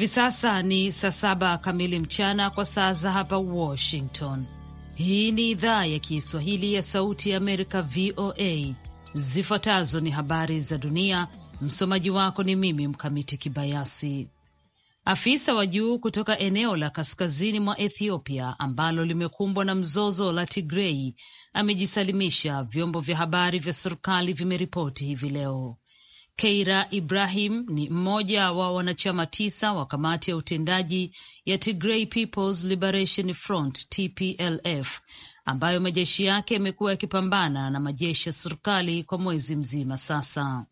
Hivi sasa ni saa saba kamili mchana kwa saa za hapa Washington. Hii ni idhaa ya Kiswahili ya Sauti ya Amerika, VOA. Zifuatazo ni habari za dunia. Msomaji wako ni mimi Mkamiti Kibayasi. Afisa wa juu kutoka eneo la kaskazini mwa Ethiopia ambalo limekumbwa na mzozo la Tigrei amejisalimisha, vyombo vya habari vya serikali vimeripoti hivi leo. Keira Ibrahim ni mmoja wa wanachama tisa wa kamati ya utendaji ya Tigray People's Liberation Front TPLF ambayo majeshi yake yamekuwa yakipambana na majeshi ya serikali kwa mwezi mzima sasa.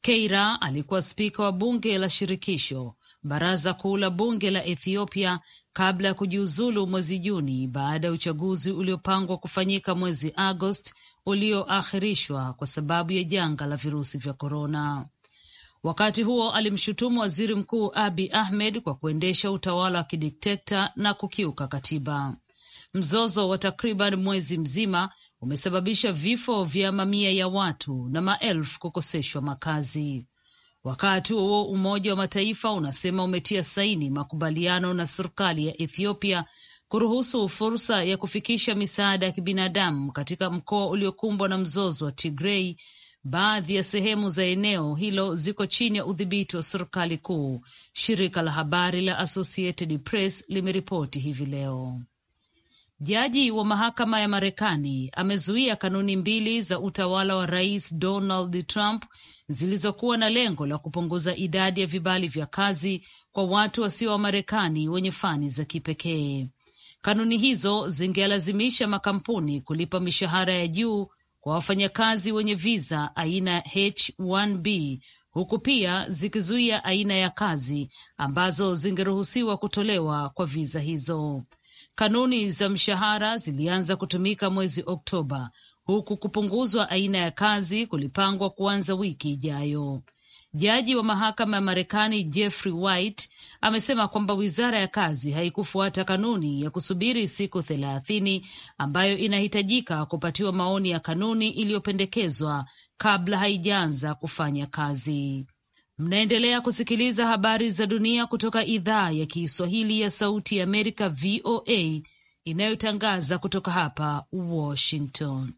Keira alikuwa spika wa bunge la shirikisho, baraza kuu la bunge la Ethiopia kabla ya kujiuzulu mwezi Juni baada ya uchaguzi uliopangwa kufanyika mwezi Agosti ulioakhirishwa kwa sababu ya janga la virusi vya korona. Wakati huo alimshutumu waziri mkuu Abi Ahmed kwa kuendesha utawala wa kidikteta na kukiuka katiba. Mzozo wa takriban mwezi mzima umesababisha vifo vya mamia ya watu na maelfu kukoseshwa makazi. Wakati huo Umoja wa Mataifa unasema umetia saini makubaliano na serikali ya Ethiopia kuruhusu fursa ya kufikisha misaada ya kibinadamu katika mkoa uliokumbwa na mzozo wa Tigrei. Baadhi ya sehemu za eneo hilo ziko chini ya udhibiti wa serikali kuu, shirika la habari la Associated Press limeripoti hivi leo. Jaji wa mahakama ya Marekani amezuia kanuni mbili za utawala wa Rais Donald Trump zilizokuwa na lengo la kupunguza idadi ya vibali vya kazi kwa watu wasio wa Marekani wenye fani za kipekee. Kanuni hizo zingelazimisha makampuni kulipa mishahara ya juu kwa wafanyakazi wenye viza aina H1B huku pia zikizuia aina ya kazi ambazo zingeruhusiwa kutolewa kwa viza hizo. Kanuni za mshahara zilianza kutumika mwezi Oktoba, huku kupunguzwa aina ya kazi kulipangwa kuanza wiki ijayo. Jaji wa mahakama ya Marekani Jeffrey White amesema kwamba wizara ya kazi haikufuata kanuni ya kusubiri siku thelathini ambayo inahitajika kupatiwa maoni ya kanuni iliyopendekezwa kabla haijaanza kufanya kazi. Mnaendelea kusikiliza habari za dunia kutoka idhaa ya Kiswahili ya Sauti ya Amerika, VOA, inayotangaza kutoka hapa Washington.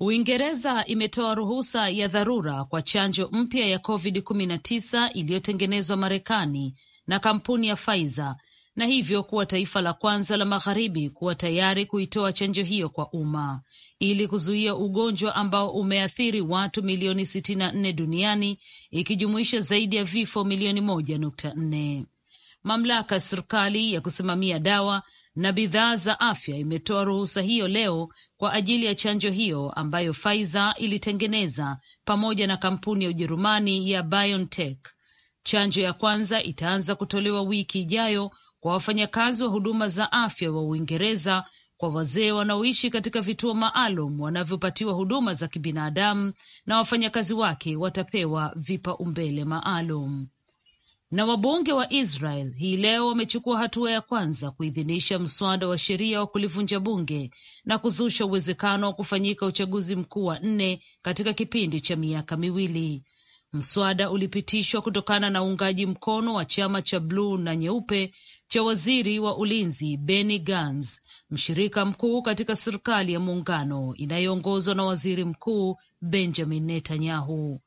Uingereza imetoa ruhusa ya dharura kwa chanjo mpya ya COVID-19 iliyotengenezwa Marekani na kampuni ya Pfizer na hivyo kuwa taifa la kwanza la magharibi kuwa tayari kuitoa chanjo hiyo kwa umma ili kuzuia ugonjwa ambao umeathiri watu milioni 64 duniani ikijumuisha zaidi ya vifo milioni 1.4. Mamlaka ya serikali ya kusimamia dawa na bidhaa za afya imetoa ruhusa hiyo leo kwa ajili ya chanjo hiyo ambayo Pfizer ilitengeneza pamoja na kampuni ya Ujerumani ya BioNTech. Chanjo ya kwanza itaanza kutolewa wiki ijayo kwa wafanyakazi wa huduma za afya wa Uingereza, kwa wazee wanaoishi katika vituo maalum wanavyopatiwa huduma za kibinadamu, na wafanyakazi wake watapewa vipaumbele maalum na wabunge wa Israel hii leo wamechukua hatua ya kwanza kuidhinisha mswada wa sheria wa kulivunja bunge na kuzusha uwezekano wa kufanyika uchaguzi mkuu wa nne katika kipindi cha miaka miwili. Mswada ulipitishwa kutokana na uungaji mkono wa chama cha bluu na nyeupe cha waziri wa ulinzi Benny Gantz, mshirika mkuu katika serikali ya muungano inayoongozwa na waziri mkuu Benjamin Netanyahu.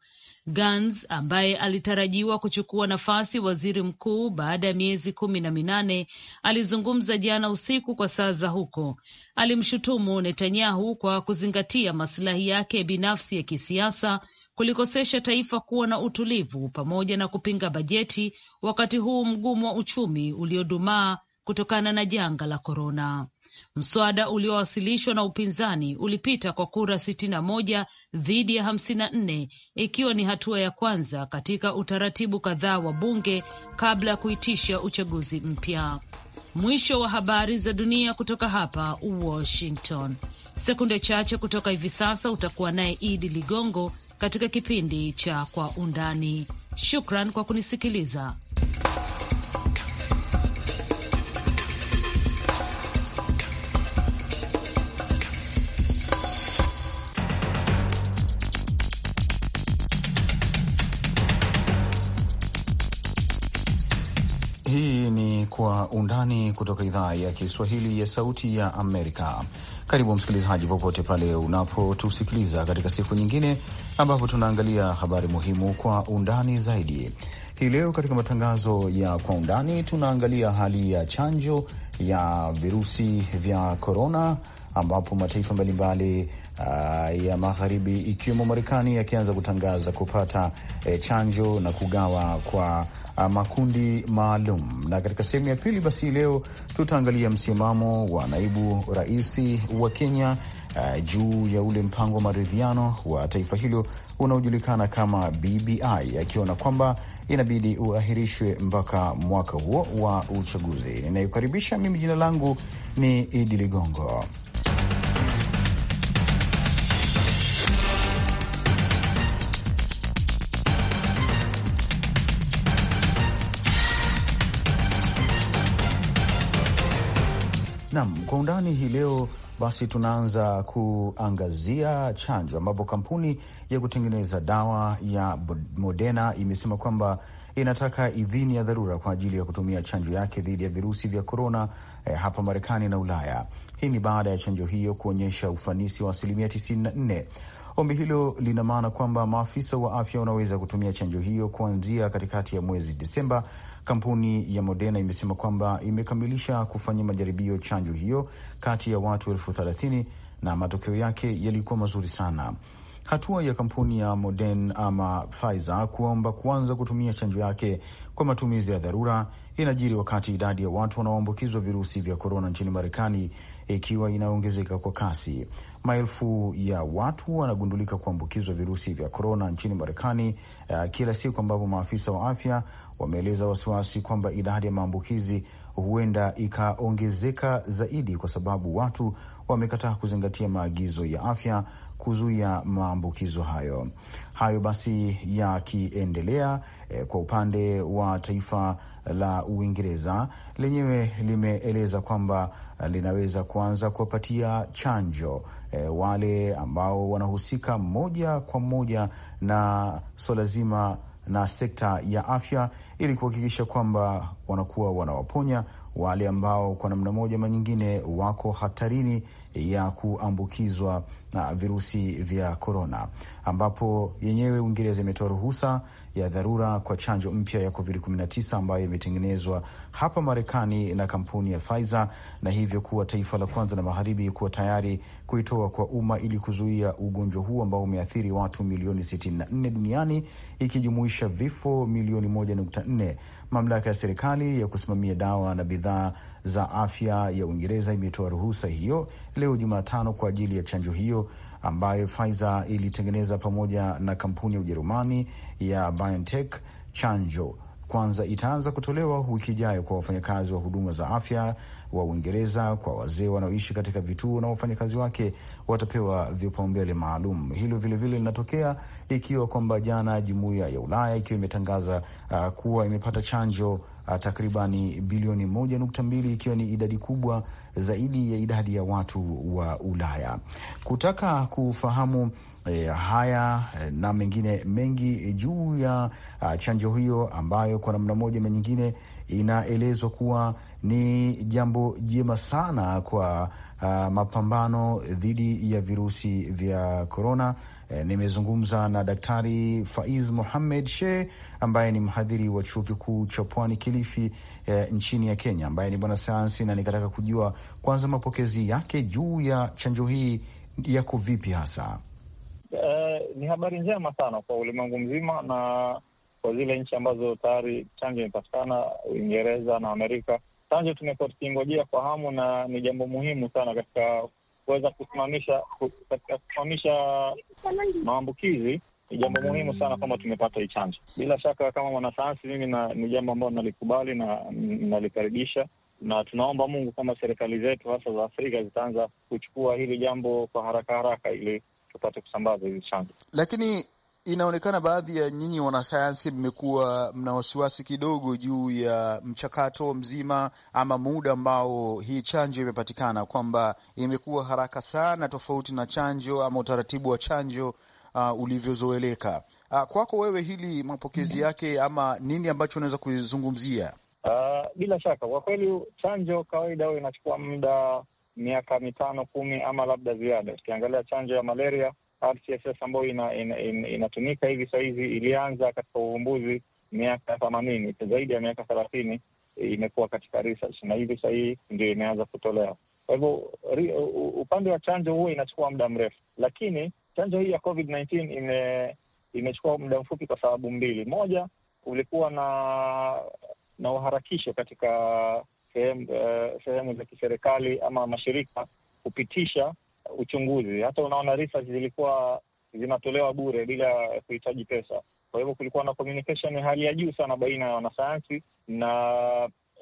Gans ambaye alitarajiwa kuchukua nafasi waziri mkuu baada ya miezi kumi na minane alizungumza jana usiku kwa saa za huko. Alimshutumu Netanyahu kwa kuzingatia masilahi yake binafsi ya kisiasa kulikosesha taifa kuwa na utulivu pamoja na kupinga bajeti wakati huu mgumu wa uchumi uliodumaa kutokana na janga la korona. Mswada uliowasilishwa na upinzani ulipita kwa kura 61 dhidi ya 54 ikiwa ni hatua ya kwanza katika utaratibu kadhaa wa bunge kabla ya kuitisha uchaguzi mpya. Mwisho wa habari za dunia kutoka hapa Washington. Sekunde chache kutoka hivi sasa utakuwa naye Idi Ligongo katika kipindi cha Kwa Undani. Shukran kwa kunisikiliza. Undani kutoka idhaa ya Kiswahili ya Sauti ya Amerika. Karibu msikilizaji, popote pale unapotusikiliza katika siku nyingine ambapo tunaangalia habari muhimu kwa undani zaidi. Hii leo katika matangazo ya Kwa Undani tunaangalia hali ya chanjo ya virusi vya korona ambapo mataifa mbalimbali uh, ya magharibi ikiwemo Marekani yakianza kutangaza kupata eh, chanjo na kugawa kwa uh, makundi maalum. Na katika sehemu ya pili, basi leo tutaangalia msimamo wa naibu rais wa Kenya uh, juu ya ule mpango wa maridhiano wa taifa hilo unaojulikana kama BBI, akiona kwamba inabidi uahirishwe mpaka mwaka huo wa uchaguzi. Ninayekaribisha mimi, jina langu ni Idi Ligongo. undani hii leo basi tunaanza kuangazia chanjo ambapo kampuni ya kutengeneza dawa ya Moderna imesema kwamba inataka idhini ya dharura kwa ajili ya kutumia chanjo yake dhidi ya virusi vya korona eh, hapa Marekani na Ulaya. Hii ni baada ya chanjo hiyo kuonyesha ufanisi wa asilimia 94. Ombi hilo lina maana kwamba maafisa wa afya wanaweza kutumia chanjo hiyo kuanzia katikati ya mwezi Desemba Kampuni ya Moderna imesema kwamba imekamilisha kufanya majaribio chanjo hiyo kati ya watu elfu thelathini na matokeo yake yalikuwa mazuri sana. Hatua ya kampuni ya Moderna ama Pfizer kuomba kuanza kutumia chanjo yake kwa matumizi ya dharura inajiri wakati idadi ya watu wanaoambukizwa virusi vya korona nchini Marekani ikiwa inaongezeka kwa kasi. Maelfu ya watu wanagundulika kuambukizwa virusi vya korona nchini Marekani uh, kila siku ambapo maafisa wa afya wameeleza wasiwasi kwamba idadi ya maambukizi huenda ikaongezeka zaidi kwa sababu watu wamekataa kuzingatia maagizo ya afya kuzuia maambukizo hayo. Hayo basi yakiendelea, eh, kwa upande wa taifa la Uingereza lenyewe limeeleza kwamba eh, linaweza kuanza kuwapatia chanjo e, wale ambao wanahusika moja kwa moja na suala zima na sekta ya afya ili kuhakikisha kwamba wanakuwa wanawaponya wale ambao kwa namna moja ama nyingine wako hatarini ya kuambukizwa na virusi vya korona, ambapo yenyewe Uingereza imetoa ruhusa ya dharura kwa chanjo mpya ya COVID-19 ambayo imetengenezwa hapa Marekani na kampuni ya Pfizer na hivyo kuwa taifa la kwanza na magharibi kuwa tayari kuitoa kwa umma ili kuzuia ugonjwa huu ambao umeathiri watu milioni 64 duniani ikijumuisha vifo milioni 1.4 Mamlaka ya serikali ya kusimamia dawa na bidhaa za afya ya Uingereza imetoa ruhusa hiyo leo Jumatano kwa ajili ya chanjo hiyo ambayo Pfizer ilitengeneza pamoja na kampuni ya Ujerumani ya BioNTech. Chanjo kwanza itaanza kutolewa wiki ijayo kwa wafanyakazi wa huduma za afya wa Uingereza. Kwa wazee wanaoishi katika vituo na wafanyakazi wake watapewa vipaumbele maalum. Hilo vilevile linatokea ikiwa kwamba jana jumuiya ya Ulaya ikiwa imetangaza uh, kuwa imepata chanjo takribani bilioni moja nukta mbili ikiwa ni idadi kubwa zaidi ya idadi ya watu wa Ulaya. Kutaka kufahamu e, haya e, na mengine mengi juu ya chanjo hiyo ambayo kwa namna moja na nyingine inaelezwa kuwa ni jambo jema sana kwa a, mapambano dhidi ya virusi vya korona E, nimezungumza na Daktari Faiz Muhamed Sheh ambaye ni mhadhiri wa chuo kikuu cha Pwani Kilifi e, nchini ya Kenya, ambaye ni mwanasayansi, na nikataka kujua kwanza mapokezi yake juu ya chanjo hii yako vipi hasa. Uh, ni habari njema sana kwa ulimwengu mzima na kwa zile nchi ambazo tayari chanjo imepatikana, Uingereza na Amerika. Chanjo tumekuwa tukiingojea kwa hamu na ni jambo muhimu sana katika kuweza kusimamisha katika kusimamisha maambukizi ni jambo muhimu sana kwamba tumepata hii chanjo. Bila shaka kama mwanasayansi, mimi ni jambo ambalo nalikubali na nalikaribisha, na tunaomba Mungu kwamba serikali zetu hasa za Afrika zitaanza kuchukua hili jambo kwa haraka haraka ili tupate kusambaza hizi chanjo. Lakini inaonekana baadhi ya nyinyi wanasayansi mmekuwa mna wasiwasi kidogo juu ya mchakato mzima ama muda ambao hii chanjo imepatikana, kwamba imekuwa haraka sana, tofauti na chanjo ama utaratibu wa chanjo uh, ulivyozoeleka. Uh, kwako wewe hili mapokezi yake ama nini ambacho unaweza kuizungumzia? Uh, bila shaka kwa kweli chanjo kawaida huwa inachukua muda miaka mitano kumi ama labda ziada. Tukiangalia chanjo ya malaria RCSS ambayo inatumika ina, ina, ina hivi sahizi ilianza katika uvumbuzi miaka themanini, zaidi ya miaka thelathini e, imekuwa katika research na hivi sahihi ndio imeanza kutolewa. Kwa hivyo upande wa chanjo huo inachukua muda mrefu, lakini chanjo hii ya COVID 19 ime, imechukua muda mfupi kwa sababu mbili. Moja, kulikuwa na na uharakisho katika sehemu uh, sehemu za kiserikali ama mashirika kupitisha uchunguzi. Hata unaona research zilikuwa zinatolewa bure bila kuhitaji pesa. Kwa hivyo kulikuwa na communication ya hali ya juu sana baina ya wanasayansi na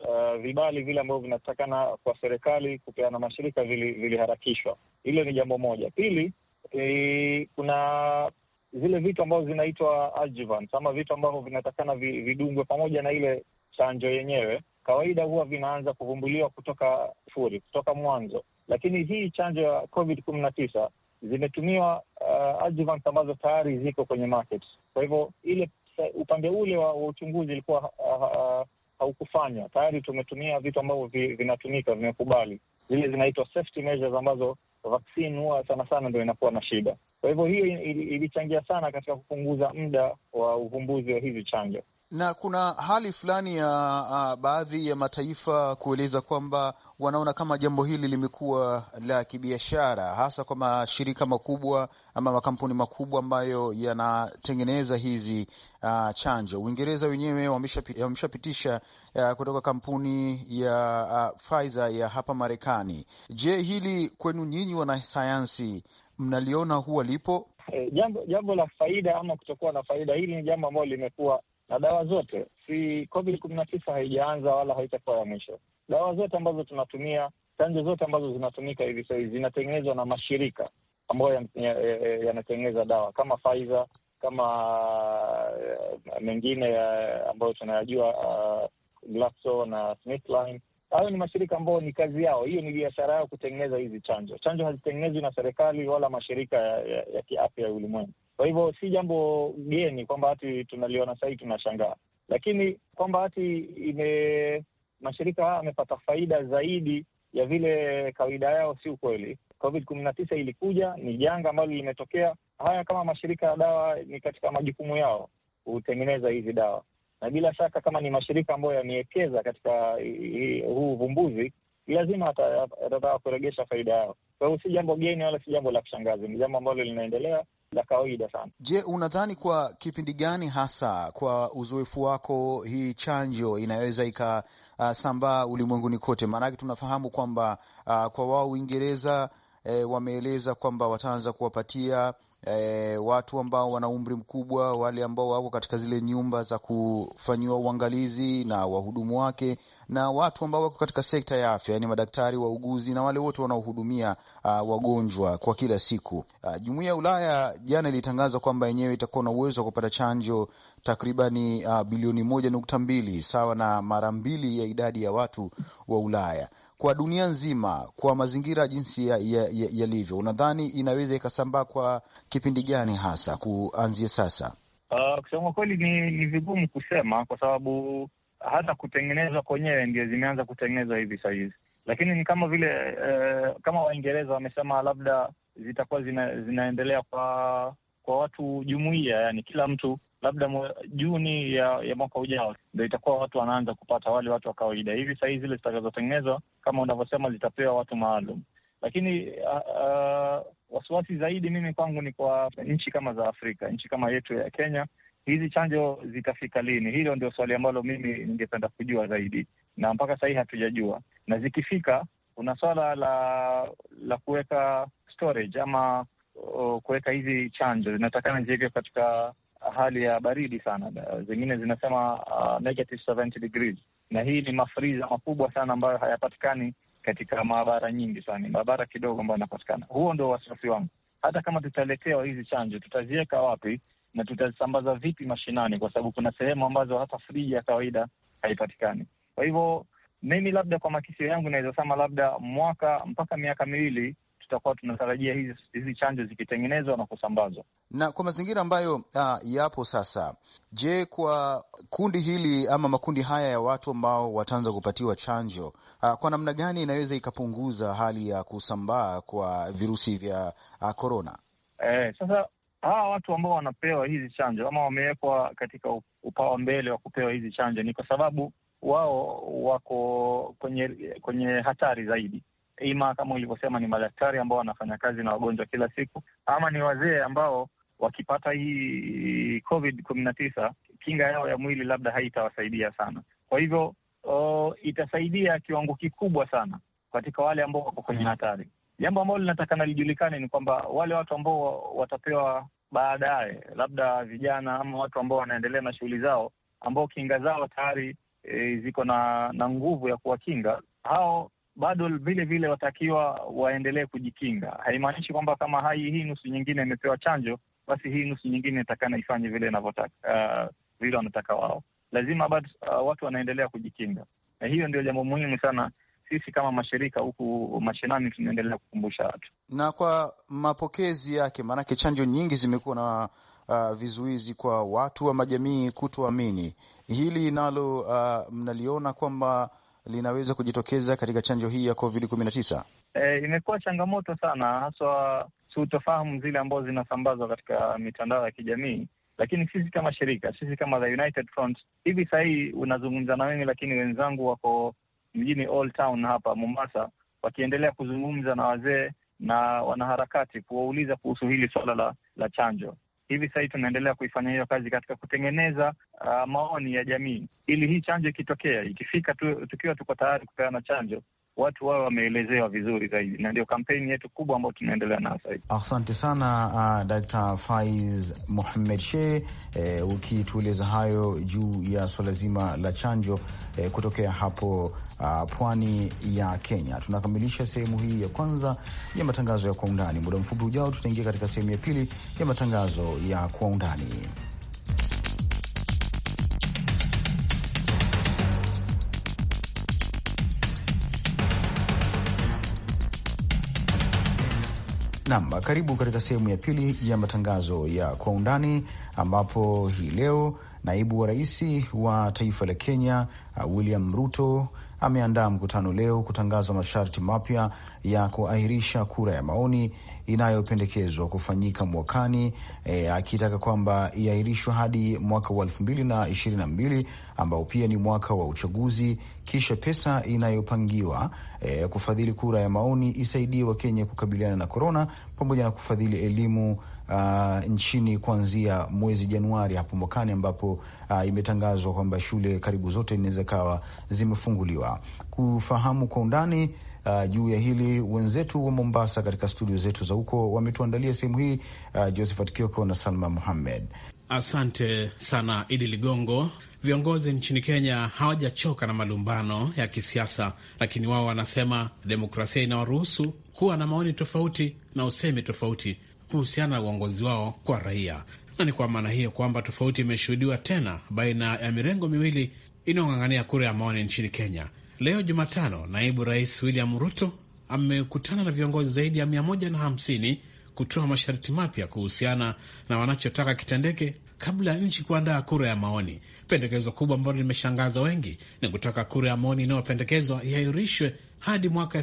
Uh, vibali vile ambavyo vinatakana kwa serikali kupeana mashirika viliharakishwa. Hilo ni jambo moja. Pili, e, kuna zile vitu ambazo zinaitwa adjuvants ama vitu ambavyo vinatakana vidungwe pamoja na ile chanjo yenyewe. Kawaida huwa vinaanza kuvumbuliwa kutoka furi, kutoka mwanzo. Lakini hii chanjo ya covid kumi na tisa zimetumiwa uh, adjuvant ambazo tayari ziko kwenye market. Kwa hivyo ile upande ule wa uchunguzi ilikuwa uh, uh, haukufanywa tayari. Tumetumia vitu ambavyo vinatumika vimekubali, zile zinaitwa safety measures ambazo vaccine huwa sana sana ndio inakuwa na shida. Kwa hivyo hiyo ilichangia sana katika kupunguza muda wa uvumbuzi wa hizi chanjo na kuna hali fulani ya uh, baadhi ya mataifa kueleza kwamba wanaona kama jambo hili limekuwa la kibiashara, hasa kwa mashirika makubwa ama makampuni makubwa ambayo yanatengeneza hizi uh, chanjo. Uingereza wenyewe wameshapitisha uh, kutoka kampuni ya uh, Pfizer ya hapa Marekani. Je, hili kwenu nyinyi wanasayansi mnaliona huwa lipo? E, jambo, jambo la faida ama kutokuwa na faida, hili ni jambo ambalo limekuwa na dawa zote, si covid kumi na tisa haijaanza wala haitakuwa ya mwisho. Dawa zote ambazo tunatumia, chanjo zote ambazo zinatumika hivi sahizi zinatengenezwa na mashirika ambayo yanatengeneza ya, ya dawa kama Pfizer kama uh, mengine uh, ambayo tunayajua uh, Glaxo na Smithline. Hayo ni mashirika ambayo ni kazi yao, hiyo ni biashara yao kutengeneza hizi chanjo. Chanjo hazitengenezwi na serikali wala mashirika ya, ya, ya kiafya ya ulimwengu. Kwa hivyo si jambo geni kwamba hati tunaliona sahii tunashangaa, lakini kwamba hati ime mashirika haya amepata faida zaidi ya vile kawaida yao, si ukweli. Covid kumi na tisa ilikuja, ni janga ambalo limetokea. Haya, kama mashirika ya dawa, ni katika majukumu yao kutengeneza hizi dawa, na bila shaka kama ni mashirika ambayo yamewekeza katika huu uvumbuzi, lazima atataka kuregesha faida yao. Kwa hiyo si jambo geni wala si jambo la kushangaza, ni jambo ambalo linaendelea la kawaida sana. Je, unadhani kwa kipindi gani hasa, kwa uzoefu wako, hii chanjo inaweza ikasambaa uh, ulimwenguni kote? Maanake tunafahamu kwamba uh, kwa wao Uingereza eh, wameeleza kwamba wataanza kuwapatia e, watu ambao wana umri mkubwa, wale ambao wako katika zile nyumba za kufanyiwa uangalizi na wahudumu wake, na watu ambao wako katika sekta ya afya, yani madaktari, wauguzi na wale wote wanaohudumia uh, wagonjwa kwa kila siku. Uh, Jumuiya ya Ulaya jana ilitangaza kwamba yenyewe itakuwa na uwezo wa kupata chanjo takribani uh, bilioni moja nukta mbili sawa na mara mbili ya idadi ya watu wa Ulaya kwa dunia nzima, kwa mazingira jinsi yalivyo ya, ya unadhani inaweza ikasambaa kwa kipindi gani hasa kuanzia sasa? Uh, kusema kweli ni, ni vigumu kusema kwa sababu hata kutengenezwa kwenyewe ndio zimeanza kutengenezwa hivi sahizi, lakini ni kama vile uh, kama Waingereza wamesema labda zitakuwa zina, zinaendelea kwa kwa watu jumuia, yani kila mtu labda Juni ya, ya mwaka ujao ndo itakuwa watu wanaanza kupata, wale watu wa kawaida. Hivi sahii zile zitakazotengenezwa kama unavyosema zitapewa watu maalum, lakini uh, uh, wasiwasi zaidi mimi kwangu ni kwa nchi kama za Afrika, nchi kama yetu ya Kenya. Hizi chanjo zitafika lini? Hilo ndio swali ambalo mimi ningependa kujua zaidi, na mpaka sahii hatujajua. Na zikifika kuna swala la la kuweka storage ama kuweka hizi chanjo zinatakana ziwekwe katika hali ya baridi sana, zingine zinasema uh, negative degrees, na hii ni mafriza makubwa sana ambayo hayapatikani katika maabara nyingi sana, maabara kidogo ambayo yanapatikana. Huo ndo wasiwasi wangu. Hata kama tutaletewa hizi chanjo, tutaziweka wapi na tutazisambaza vipi mashinani? Kwa sababu kuna sehemu ambazo hata friji ya kawaida haipatikani. Kwa hivyo mimi labda kwa makisio yangu naweza sema labda mwaka mpaka miaka miwili tutakuwa tunatarajia hizi, hizi chanjo zikitengenezwa na kusambazwa na kwa mazingira ambayo uh, yapo sasa. Je, kwa kundi hili ama makundi haya ya watu ambao wataanza kupatiwa chanjo uh, kwa namna gani inaweza ikapunguza hali ya kusambaa kwa virusi vya korona? Ah, eh, sasa hawa watu ambao wanapewa hizi chanjo ama wamewekwa katika upawa mbele wa kupewa hizi chanjo ni kwa sababu wao wako kwenye kwenye hatari zaidi ima kama ulivyosema ni madaktari ambao wanafanya kazi na wagonjwa kila siku, ama ni wazee ambao wakipata hii COVID kumi na tisa kinga yao ya mwili labda haitawasaidia sana. Kwa hivyo o, itasaidia kiwango kikubwa sana katika wale ambao wako kwenye mm. hatari. Jambo ambalo linataka nalijulikane ni kwamba wale watu ambao watapewa baadaye, labda vijana ama watu ambao wanaendelea na shughuli zao, ambao kinga zao tayari e, ziko na na nguvu ya kuwakinga hao bado vile vile watakiwa waendelee kujikinga. Haimaanishi kwamba kama hai hii nusu nyingine imepewa chanjo, basi hii nusu nyingine takana ifanye vile inavyotaka, uh, vile wanataka wao. Lazima bado uh, watu wanaendelea kujikinga, na hiyo ndio jambo muhimu sana. Sisi kama mashirika huku mashinani tunaendelea kukumbusha watu na kwa mapokezi yake, maanake chanjo nyingi zimekuwa na uh, vizuizi kwa watu wa majamii kutoamini hili nalo, uh, mnaliona kwamba linaweza kujitokeza katika chanjo hii ya covid tisa? E, imekuwa changamoto sana haswa sutofahamu zile ambazo zinasambazwa katika mitandao ya kijamii lakini sisi kama shirika, sisi kama The United Front, hivi sahii unazungumza na mimi, lakini wenzangu wako mjini Old Town hapa Mombasa, wakiendelea kuzungumza na wazee na wanaharakati kuwauliza kuhusu hili swala la, la chanjo. Hivi sasa tunaendelea kuifanya hiyo kazi katika kutengeneza uh, maoni ya jamii, ili hii chanjo ikitokea, ikifika tu, tukiwa tuko tayari kupeana chanjo, watu wao wameelezewa vizuri zaidi, na ndio kampeni yetu kubwa ambayo tunaendelea nayo sasa hivi. Asante sana uh, Dr. Faiz muhamed she eh, ukitueleza hayo juu ya suala zima la chanjo eh, kutokea hapo uh, pwani ya Kenya. Tunakamilisha sehemu hii ya kwanza ya matangazo ya kwa undani. Muda mfupi ujao, tutaingia katika sehemu ya pili ya matangazo ya kwa undani. Nam, karibu katika sehemu ya pili ya matangazo ya kwa undani, ambapo hii leo naibu wa rais wa taifa la Kenya uh, William Ruto ameandaa mkutano leo kutangaza masharti mapya ya kuahirisha kura ya maoni inayopendekezwa kufanyika mwakani, e, akitaka kwamba iahirishwe hadi mwaka wa elfu mbili na ishirini na mbili ambao pia ni mwaka wa uchaguzi. Kisha pesa inayopangiwa e, kufadhili kura ya maoni isaidie Wakenya kukabiliana na korona pamoja na kufadhili elimu uh, nchini kuanzia mwezi Januari hapo mwakani, ambapo uh, imetangazwa kwamba shule karibu zote inaweza kawa zimefunguliwa. Kufahamu kwa undani Uh, juu ya hili wenzetu wa Mombasa katika studio zetu za huko wametuandalia sehemu hii. Uh, Josephat Kioko na Salma Muhammed. Asante sana Idi Ligongo. Viongozi nchini Kenya hawajachoka na malumbano ya kisiasa, lakini wao wanasema demokrasia inawaruhusu kuwa na maoni tofauti na usemi tofauti kuhusiana na uongozi wao kwa raia, na ni kwa maana hiyo kwamba tofauti imeshuhudiwa tena baina ya mirengo miwili inayong'ang'ania kura ya maoni nchini Kenya. Leo Jumatano, naibu rais William Ruto amekutana na viongozi zaidi ya 150 kutoa masharti mapya kuhusiana na wanachotaka kitendeke kabla ya nchi kuandaa kura ya maoni. Pendekezo kubwa ambalo limeshangaza wengi ni kutaka kura ya maoni inayopendekezwa iairishwe hadi mwaka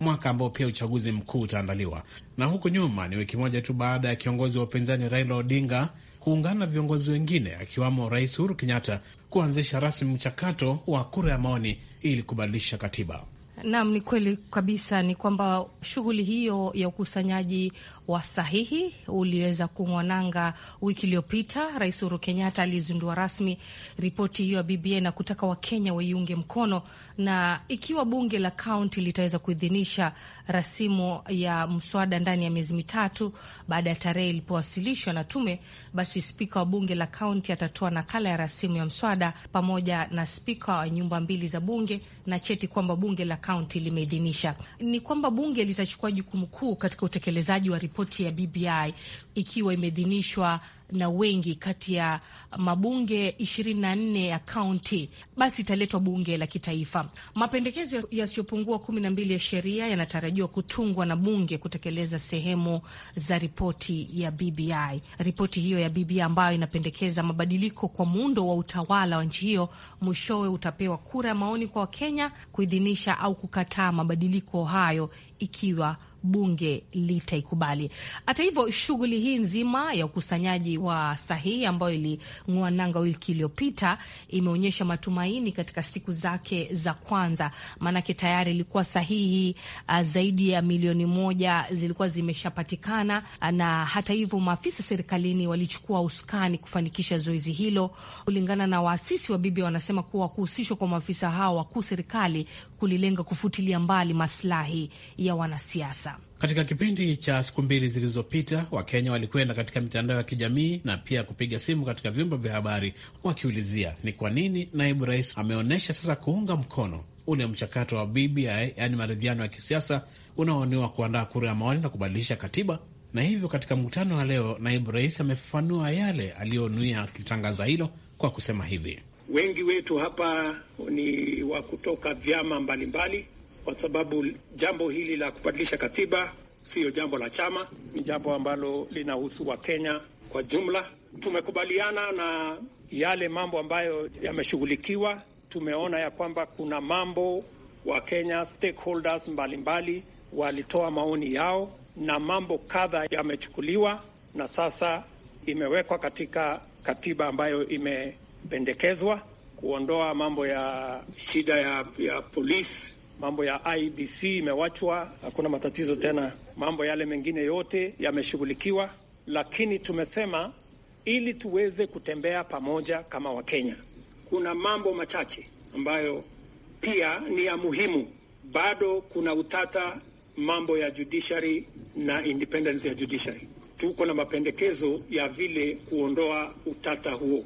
mwaka ambao pia uchaguzi mkuu utaandaliwa. Na huku nyuma ni wiki moja tu baada ya kiongozi wa upinzani Raila Odinga kuungana na viongozi wengine akiwamo Rais Uhuru Kenyatta kuanzisha rasmi mchakato wa kura ya maoni ili kubadilisha katiba. Naam, ni kweli kabisa, ni kwamba shughuli hiyo ya ukusanyaji wa sahihi uliweza kung'oa wiki iliyopita. Rais Uhuru Kenyatta alizindua rasmi ripoti hiyo ya BBI na kutaka Wakenya waiunge mkono, na ikiwa bunge la kaunti litaweza kuidhinisha rasimu ya mswada ndani ya miezi mitatu baada ya tarehe ilipowasilishwa na tume, basi spika wa bunge la kaunti atatoa nakala ya rasimu ya mswada pamoja na spika wa nyumba mbili za bunge na cheti kwamba bunge la kaunti limeidhinisha. Ni kwamba bunge litachukua jukumu kuu katika utekelezaji wa ripoti ripoti ya BBI ikiwa imeidhinishwa na wengi kati ya mabunge 24 ya kaunti, basi italetwa bunge la kitaifa. Mapendekezo yasiyopungua 12 ya sheria yanatarajiwa kutungwa na bunge kutekeleza sehemu za ripoti ya BBI. Ripoti hiyo ya BBI ambayo inapendekeza mabadiliko kwa muundo wa utawala wa nchi hiyo, mwishowe utapewa kura ya maoni kwa Wakenya kuidhinisha au kukataa mabadiliko hayo ikiwa bunge litaikubali. Hata hivyo, shughuli hii nzima ya ukusanyaji wa sahihi ambayo iling'oa nanga wiki iliyopita imeonyesha matumaini katika siku zake za kwanza, maanake tayari ilikuwa sahihi uh, zaidi ya milioni moja zilikuwa zimeshapatikana uh, na hata hivyo maafisa serikalini walichukua usukani kufanikisha zoezi hilo. Kulingana na waasisi wa Bibia, wanasema kuwa kuhusishwa kwa maafisa hao wakuu serikali kulilenga kufutilia mbali maslahi ya wanasiasa. Katika kipindi cha siku mbili zilizopita, Wakenya walikwenda katika mitandao ya kijamii na pia kupiga simu katika vyombo vya habari wakiulizia ni kwa nini naibu rais ameonyesha sasa kuunga mkono ule mchakato wa BBI, yaani maridhiano ya kisiasa unaoaniwa kuandaa kura ya maoni na kubadilisha katiba. Na hivyo katika mkutano wa leo, naibu rais amefafanua yale aliyonuia akitangaza hilo kwa kusema hivi: Wengi wetu hapa ni wa kutoka vyama mbalimbali, kwa sababu jambo hili la kubadilisha katiba siyo jambo la chama, ni jambo ambalo linahusu Wakenya kwa jumla. Tumekubaliana na yale mambo ambayo yameshughulikiwa. Tumeona ya kwamba kuna mambo Wakenya stakeholders mbalimbali walitoa maoni yao na mambo kadha yamechukuliwa na sasa imewekwa katika katiba ambayo ime kupendekezwa kuondoa mambo ya shida ya, ya polisi, mambo ya ibc imewachwa, hakuna matatizo tena. Mambo yale mengine yote yameshughulikiwa, lakini tumesema ili tuweze kutembea pamoja kama Wakenya, kuna mambo machache ambayo pia ni ya muhimu. Bado kuna utata, mambo ya judiciary na independence ya judiciary. Tuko na mapendekezo ya vile kuondoa utata huo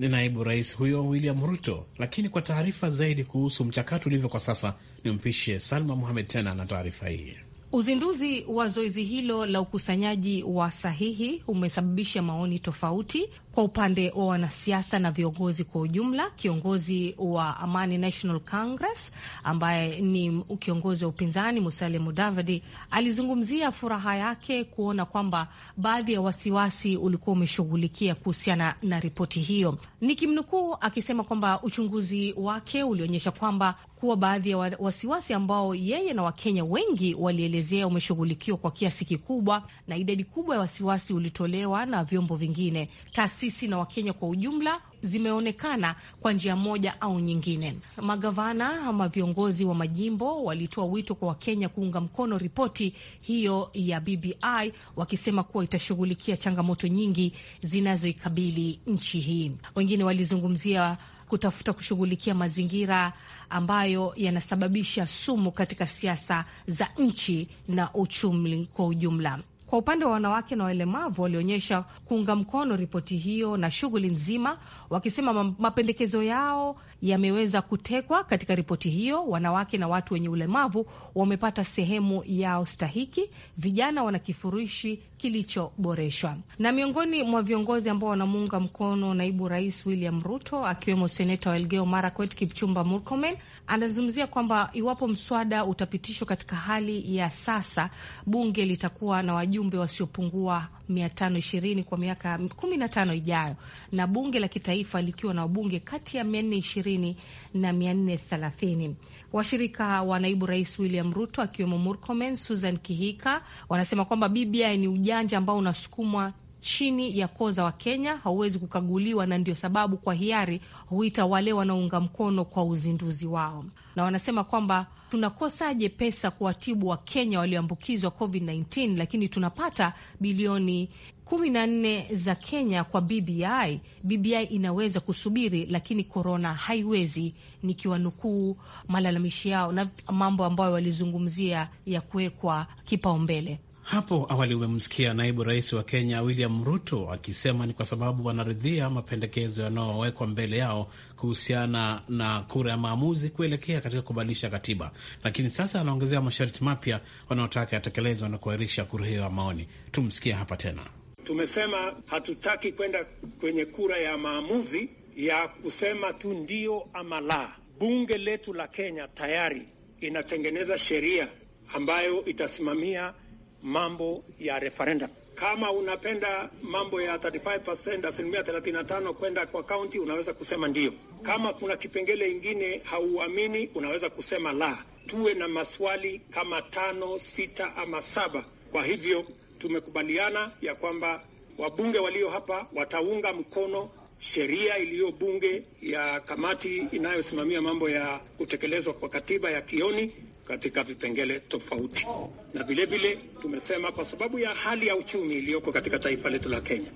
ni naibu rais huyo William Ruto. Lakini kwa taarifa zaidi kuhusu mchakato ulivyo kwa sasa, nimpishe Salma muhamed tena na taarifa hii. Uzinduzi wa zoezi hilo la ukusanyaji wa sahihi umesababisha maoni tofauti, kwa upande wa wanasiasa na viongozi kwa ujumla, kiongozi wa Amani National Congress ambaye ni kiongozi wa upinzani Musalia Mudavadi alizungumzia furaha yake kuona kwamba baadhi ya wasiwasi ulikuwa umeshughulikia kuhusiana na ripoti hiyo, nikimnukuu akisema kwamba uchunguzi wake ulionyesha kwamba kuwa baadhi ya wasiwasi ambao yeye na Wakenya wengi walielezea umeshughulikiwa kwa kiasi kikubwa, na idadi kubwa ya wasiwasi ulitolewa na vyombo vingine Tas sisi na Wakenya kwa ujumla zimeonekana kwa njia moja au nyingine. Magavana ama viongozi wa majimbo walitoa wito kwa Wakenya kuunga mkono ripoti hiyo ya BBI wakisema kuwa itashughulikia changamoto nyingi zinazoikabili nchi hii. Wengine walizungumzia kutafuta kushughulikia mazingira ambayo yanasababisha sumu katika siasa za nchi na uchumi kwa ujumla. Kwa upande wa wanawake na walemavu, walionyesha kuunga mkono ripoti hiyo na shughuli nzima, wakisema mapendekezo yao yameweza kutekwa katika ripoti hiyo. Wanawake na watu wenye ulemavu wamepata sehemu yao stahiki, vijana wana kifurushi kilichoboreshwa. Na miongoni mwa viongozi ambao wanamuunga mkono naibu rais William Ruto, akiwemo seneta wa Elgeyo Marakwet Kipchumba Murkomen, anazungumzia kwamba iwapo mswada utapitishwa katika hali ya sasa, bunge litakuwa na wajumbe wajumbe wasiopungua 520 kwa miaka 15 ijayo, na bunge la kitaifa likiwa na wabunge kati ya 420 na 430. Washirika wa naibu rais William Ruto akiwemo Murkomen, Susan Kihika wanasema kwamba BBI ni ujanja ambao unasukumwa chini ya koo wa Kenya hauwezi kukaguliwa, na ndio sababu kwa hiari huita wale wanaunga mkono kwa uzinduzi wao, na wanasema kwamba tunakosaje pesa kuwatibu Wakenya walioambukizwa COVID-19, lakini tunapata bilioni 14 za Kenya kwa BBI. BBI inaweza kusubiri, lakini korona haiwezi, nikiwanukuu malalamishi yao na mambo ambayo walizungumzia ya kuwekwa kipaumbele. Hapo awali umemsikia naibu rais wa Kenya William Ruto akisema ni kwa sababu wanaridhia mapendekezo yanayowekwa mbele yao kuhusiana na kura ya maamuzi kuelekea katika kubadilisha katiba, lakini sasa anaongezea masharti mapya wanaotaka yatekelezwa na kuahirisha kura hiyo ya maoni. Tumsikie hapa tena. Tumesema hatutaki kwenda kwenye kura ya maamuzi ya kusema tu ndio ama la. Bunge letu la Kenya tayari inatengeneza sheria ambayo itasimamia mambo ya referendum. Kama unapenda mambo ya 35% asilimia 35 kwenda kwa kaunti, unaweza kusema ndio. Kama kuna kipengele ingine hauamini, unaweza kusema la. Tuwe na maswali kama tano, sita ama saba. Kwa hivyo tumekubaliana ya kwamba wabunge walio hapa wataunga mkono sheria iliyo bunge ya kamati inayosimamia mambo ya kutekelezwa kwa katiba ya Kioni katika vipengele tofauti, na vilevile tumesema kwa sababu ya hali ya uchumi iliyoko katika taifa letu la Kenya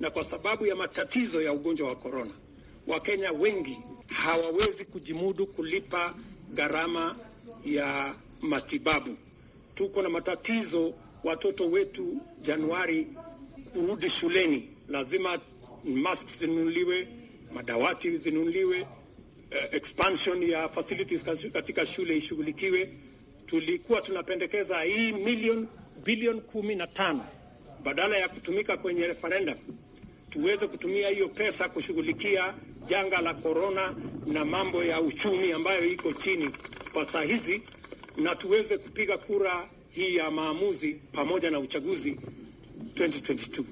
na kwa sababu ya matatizo ya ugonjwa wa korona, Wakenya wengi hawawezi kujimudu kulipa gharama ya matibabu. Tuko na matatizo, watoto wetu Januari kurudi shuleni, lazima masks zinunuliwe, madawati zinunuliwe uh, expansion ya facilities katika shule ishughulikiwe. Tulikuwa tunapendekeza hii milioni bilioni kumi na tano badala ya kutumika kwenye referendum tuweze kutumia hiyo pesa kushughulikia janga la korona na mambo ya uchumi ambayo iko chini kwa saa hizi, na tuweze kupiga kura hii ya maamuzi pamoja na uchaguzi 2022.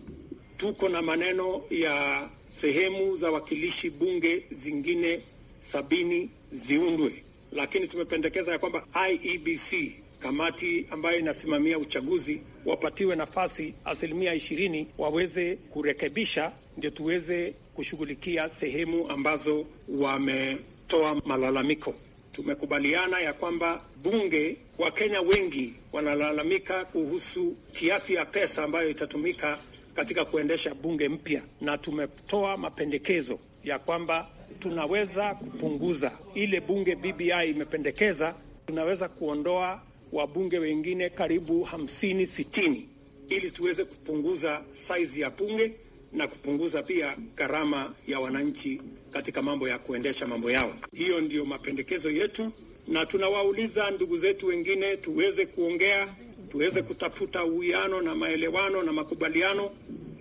Tuko na maneno ya sehemu za wakilishi bunge zingine sabini ziundwe, lakini tumependekeza ya kwamba IEBC kamati ambayo inasimamia uchaguzi wapatiwe nafasi asilimia ishirini waweze kurekebisha, ndio tuweze kushughulikia sehemu ambazo wametoa malalamiko. Tumekubaliana ya kwamba bunge, Wakenya wengi wanalalamika kuhusu kiasi ya pesa ambayo itatumika katika kuendesha bunge mpya, na tumetoa mapendekezo ya kwamba tunaweza kupunguza ile bunge BBI imependekeza, tunaweza kuondoa wabunge wengine karibu hamsini sitini ili tuweze kupunguza saizi ya bunge na kupunguza pia gharama ya wananchi katika mambo ya kuendesha mambo yao. Hiyo ndiyo mapendekezo yetu, na tunawauliza ndugu zetu wengine tuweze kuongea, tuweze kutafuta uwiano na maelewano na makubaliano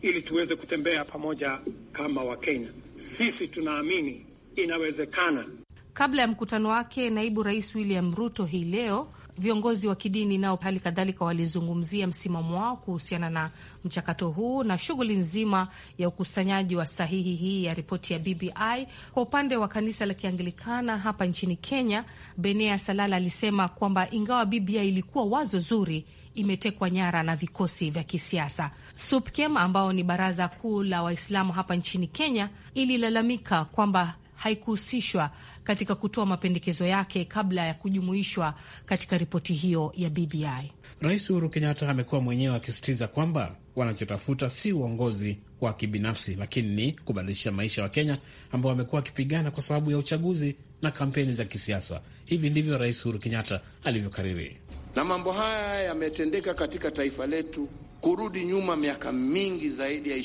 ili tuweze kutembea pamoja kama Wakenya. Sisi tunaamini inawezekana. Kabla ya mkutano wake, naibu rais William Ruto hii leo viongozi wa kidini nao hali kadhalika walizungumzia msimamo wao kuhusiana na mchakato huu na shughuli nzima ya ukusanyaji wa sahihi hii ya ripoti ya BBI. Kwa upande wa kanisa la Kianglikana hapa nchini Kenya, Benea Salala alisema kwamba ingawa BBI ilikuwa wazo zuri, imetekwa nyara na vikosi vya kisiasa. SUPKEM ambao ni baraza kuu la Waislamu hapa nchini Kenya ililalamika kwamba haikuhusishwa katika kutoa mapendekezo yake kabla ya kujumuishwa katika ripoti hiyo ya BBI. Rais Uhuru Kenyatta amekuwa mwenyewe akisisitiza kwamba wanachotafuta si uongozi wa kibinafsi, lakini ni kubadilisha maisha wa kenya ambao wamekuwa wakipigana kwa sababu ya uchaguzi na kampeni za kisiasa. Hivi ndivyo Rais Uhuru Kenyatta alivyokariri, na mambo haya yametendeka katika taifa letu kurudi nyuma miaka mingi zaidi ya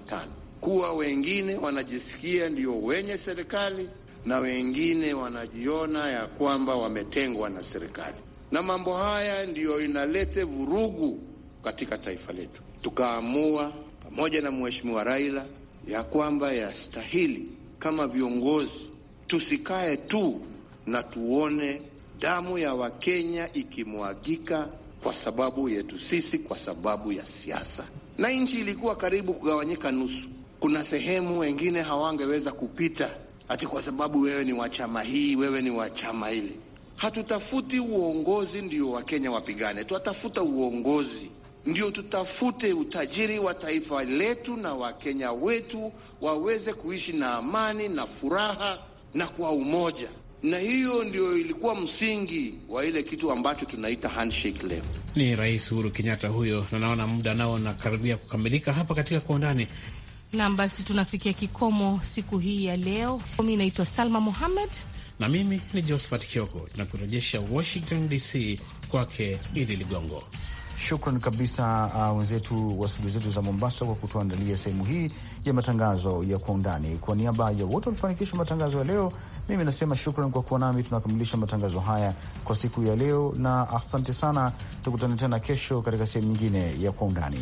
tano kuwa wengine wanajisikia ndio wenye serikali na wengine wanajiona ya kwamba wametengwa na serikali, na mambo haya ndiyo inalete vurugu katika taifa letu. Tukaamua pamoja na Mheshimiwa Raila ya kwamba yastahili kama viongozi tusikae tu na tuone damu ya Wakenya ikimwagika kwa sababu yetu sisi, kwa sababu ya siasa, na nchi ilikuwa karibu kugawanyika nusu kuna sehemu wengine hawangeweza kupita ati kwa sababu wewe ni wa chama hii, wewe ni wa chama hili. Hatutafuti uongozi ndio Wakenya wapigane, tunatafuta uongozi ndio tutafute utajiri wa taifa letu na Wakenya wetu waweze kuishi na amani na furaha na kwa umoja, na hiyo ndio ilikuwa msingi wa ile kitu ambacho tunaita handshake leo. Ni Rais Uhuru Kenyatta huyo, na naona muda nao nakaribia kukamilika hapa katika kwa undani. Nam, basi tunafikia kikomo siku hii ya leo. Mi naitwa Salma Mohamed na mimi ni Josephat Kioko. Tunakurejesha Washington DC kwake Idi Ligongo. Shukran kabisa uh, wenzetu wa studio zetu za Mombasa kwa kutuandalia sehemu hii ya matangazo ya kwa undani. Kwa niaba ya wote walifanikisha matangazo ya leo, mimi nasema shukran kwa kuwa nami. Tunakamilisha matangazo haya kwa siku ya leo, na asante sana. Tukutane tena kesho katika sehemu nyingine ya kwa undani.